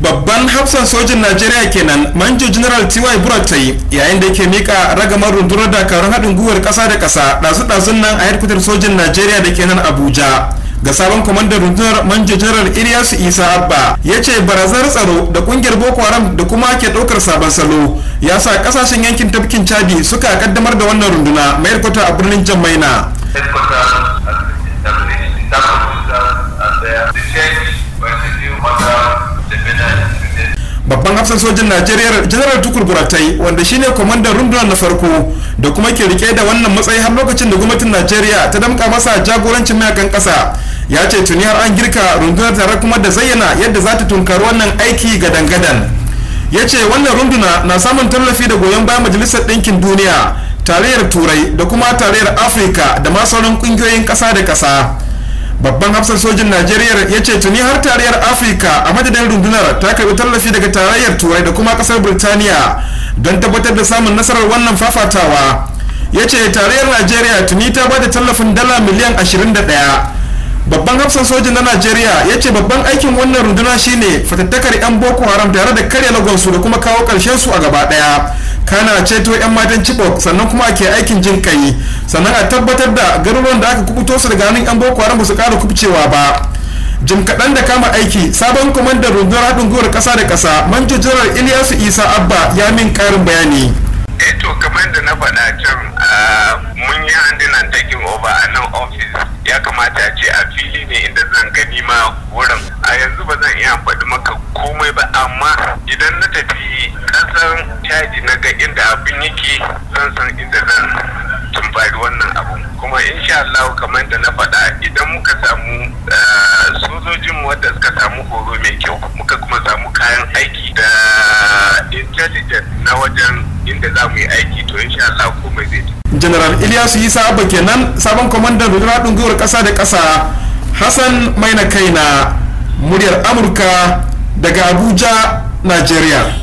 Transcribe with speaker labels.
Speaker 1: babban hafsan sojin najeriya kenan manjo general ty buratai yayin da yake mika ragamar rundunar dakarun haɗin gwiwar ƙasa da ƙasa ɗazu-ɗazun nan a yarkutar sojin najeriya da kenan abuja ga sabon kwamandan rundunar manjo general iriyasu isa abba ya ce barazanar tsaro da kungiyar boko haram da kuma ke ɗaukar sabon salo ya sa ƙasashen yankin tafkin chadi suka kaddamar da wannan runduna mai a birnin jammaina babban hafsan sojin najeriya general tukur buratai wanda shine kwamandan rundunar na farko da kuma ke rike da wannan matsayi har lokacin da gwamnatin najeriya ta damka masa jagorancin mayakan kasa ya ce tuni har an girka rundunar tare kuma da zayyana yadda za ta tunkari wannan aiki ga dangadan ya ce wannan runduna na samun tallafi da goyon bayan majalisar ɗinkin duniya tarayyar turai da kuma tarayyar afirka da ma sauran ƙungiyoyin ƙasa da ƙasa babban hafsan sojin najeriya ya ce tuni har tarayyar afirka a madadin rundunar ta karbi tallafi daga tarayyar turai da kuma kasar birtaniya don tabbatar da samun nasarar wannan fafatawa ya ce tarayyar najeriya tuni ta bada tallafin dala miliyan 21 babban hafsan sojin na najeriya ya ce babban aikin wannan runduna shine fatattakar 'yan boko haram tare da karya lagonsu da kuma kawo karshen su a gaba ɗaya kana ceto 'yan matan chibok sannan kuma ake aikin jin kai sannan a tabbatar da garuruwan da aka kubuto su daga hannun 'yan boko haram su kara kubcewa ba jim kaɗan da kama aiki sabon kwamandan rundunar haɗin gwiwar ƙasa da ƙasa manjo iliyasu isa abba ya min ƙarin bayani eh to
Speaker 2: kamar da na faɗa can ah, mun yi daga inda abin yake zan san inda zan tumbari wannan abu kuma insha Allah kamar da na faɗa idan muka samu eh, sojojin wadda suka samu horo mai kyau muka kuma samu kayan aiki da intelligent na wajen inda za mu yi aiki to insha
Speaker 1: Allah komai zai General Ilyasu Isa Abba kenan sabon kwamandan rundunar haɗin gwiwar ƙasa da ƙasa Hassan Maina Kaina muryar Amurka daga Abuja, nigeria